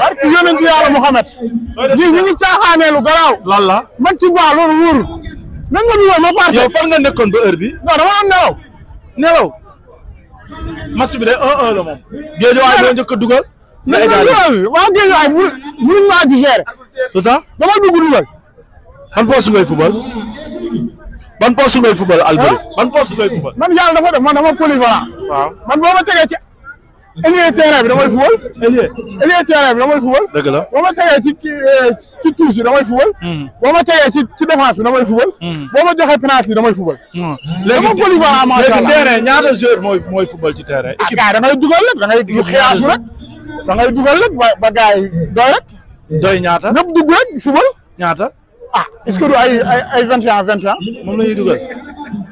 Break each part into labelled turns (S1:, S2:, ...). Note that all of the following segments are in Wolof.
S1: barki yonentu yàlla Muhammad ñi ñu ngi caaxaanee lu garaaw lan la man ci baax loolu wóorul nan nga dugal ma parte yow fan nga nekkoon ba heure bi non dama am nelaw nelaw match bi de 1-1 la moom géejuwaay moo njëkk a dugal
S2: na dugal
S1: waaw géejuwaay mu mënuñ maa ci gérer lu tax dama dugg dugal ban poste ngay football ban poste ngay football Alboury ban poste ngay football man yàlla dafa def man dama polyvalent waaw man boo ma tegee ci ailier terrain bi damay fubal. ailier ailier terrain bi damay fubal. dëgg la boo ma tegee ci ci touche bi damay fubal. boo ma tegee ci ci défense bi damay fubal. boo ma joxee penalty bi damay fubal. léegi dama polyvalent macha allah léegi terrain ñaata joueur mooy mooy fubal ci terrain. équipe ah gars da ngay dugal rek da ngay du xiyaasu rek. da ngay dugal rek ba ba gars yi doy rek. doy ñaata ñëpp dugg rek fubal. ñaata. ah est-ce que du ay ay ay vingt et un vingt et un. moom la ñuy dugal.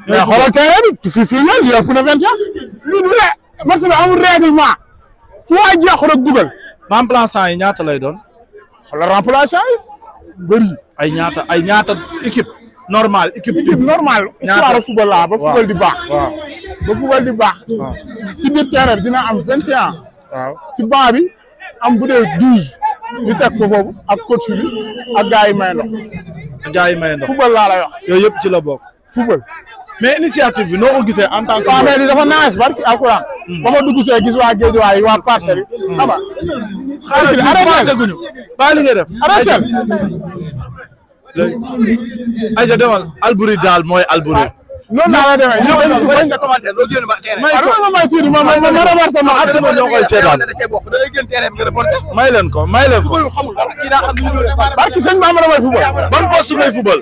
S1: mais xoolal terrain bi fii fii ñoom yëpp na vingt et un. match bi amul règlement fu waay jeexul rek dugal. remplaçant yi ñaata lay doon. wala remplaçant ay ñaata ay ñaata équipe. normal équipe équipe normale. histoire football laa ba football di baax. waaw ba football di baax. ci biir terrain dina am vingt et un. waaw am bu dee douze. ñu teg ko foofu ak coach bi ak yi may ndox. gars yi may ndox football laa lay wax. yooyu yëpp ci la bokk. football mais initiative noo ko gisee en tant que. waaw mais dafa naaj ba ma dugg see gis waa géej waay waa parcelle yi xam nga. xaaral bi arrêté guñu bàyyi li ngay def arrêté. ayca demal Alboury daal mooy Alboury. noonu laa la demee ñëw nañu bañ sa commentaire loolu jënd ba terrain may ko ma may tuuti ma ma ma reporté ma ak sama ñoo koy seetaan may leen ko may leen ko barki sëñ Ba ma damay football ban poste ngay football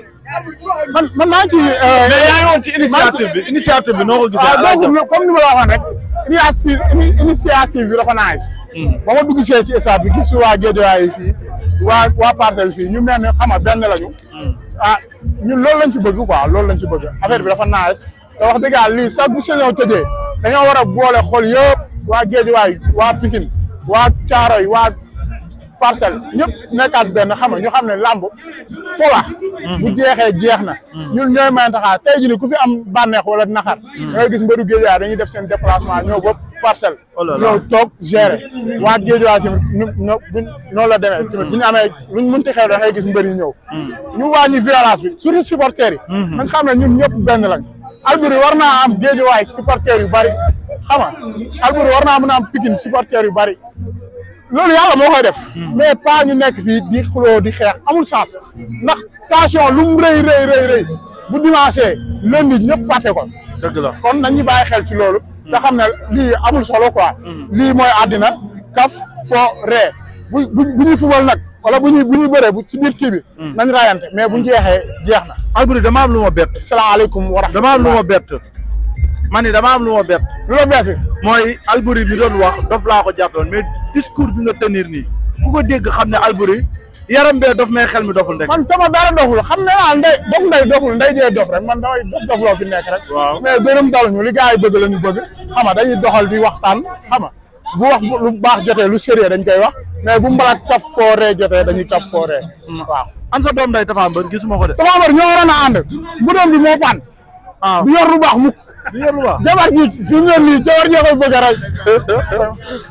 S1: man man maa ngi ci euh, mais yaa ngi woon ci initiative bi initiative bi noo ko gisee ah, comme ni ma la waxoon rek initiative initiative bi dafa nice. Hmm. ba ma dugg see ci stade bi gis waa Guédiawaye yi fii waa waa Parcelles fii ñu mel ne xam nga benn lañu. Hmm. ah ñun lool lañ ci bëgg quoi loolu lañ ci bëgg affaire bi dafa nice te wax dëgg yàlla lii sax bu saison tëjee dañoo war a boole xol yëpp waa Guédiawaye waa Pikine waa Thiaroye waa. parcelle ñëpp nekkaat benn xam nga ñu xam ne làmb fo la bu mhm. jeexee jeex na mhm. ñu ñooy may taxaar tey jii ku fi am bànneex wala naxar mhm. ngay gis mbaru géejawaay dañuy def seen déplacement ñëw bopp parcelle oh ñëw toog géré waa géejawaay tamit ñu noonu la demee tamit bu ñu amee luñ mënti xew da ngay gis mbër yi ñëw ñu wàññi violence bi surtout supporters yi nañ xam ne ñun ñëpp benn lañ Alboury war naa am géejawaay supporters yu bari xam nga Alboury war naa mën a am Pikine supporters yu bari loolu yàlla moo koy def mais pas ñu nekk fi di xuloo di xeex amul chance ndax tension lu mu rëy rëy rëy rëy bu dimanche lundi ñëpp fàtte ko. dëgg la kon nañu bàyyi xel ci loolu. te xam ne lii amul solo quoi. Mm. li mooy àddina kaf fo ree bu bu bu ñuy nag wala bu ñuy bu ñuy bëree bu ci biir kii bi. Mm. nañ raayante mais bu ñu jeexee jeex na. Alboury dama am lu ma bett. salaamaaleykum wa rahmatulah dama am lu ma bett. man ni dama am lu ma lu la bett. mooy Alboury bi doon wax dof laa ko jàppoon mais discours bi nga tenir nii ku ko dégg xam ne Alboury yaram be dof mais xel mi doful rek. man sama dara doful xam ne naa ah, ndey dof ndey doful ndey dee dof rek man damay dof dof loo fi nekk rek. waaw mais gërëm dal ñu li gars yi bëgg la ñu bëgg xam nga dañuy doxal di waxtaan xam nga bu wax lu baax jotee lu sérieux dañ koy wax mais bu mbalak kaf fooree jotee dañuy kaf fooree. waaw an sa doom day Tapha Mbeur gisuma ko de. Tapha Mbeur ñoo waroon a ànd bu doom Ah. du yor lu baax mukk jabar ji fi mu ne nii jabar ji koy bëgg a rey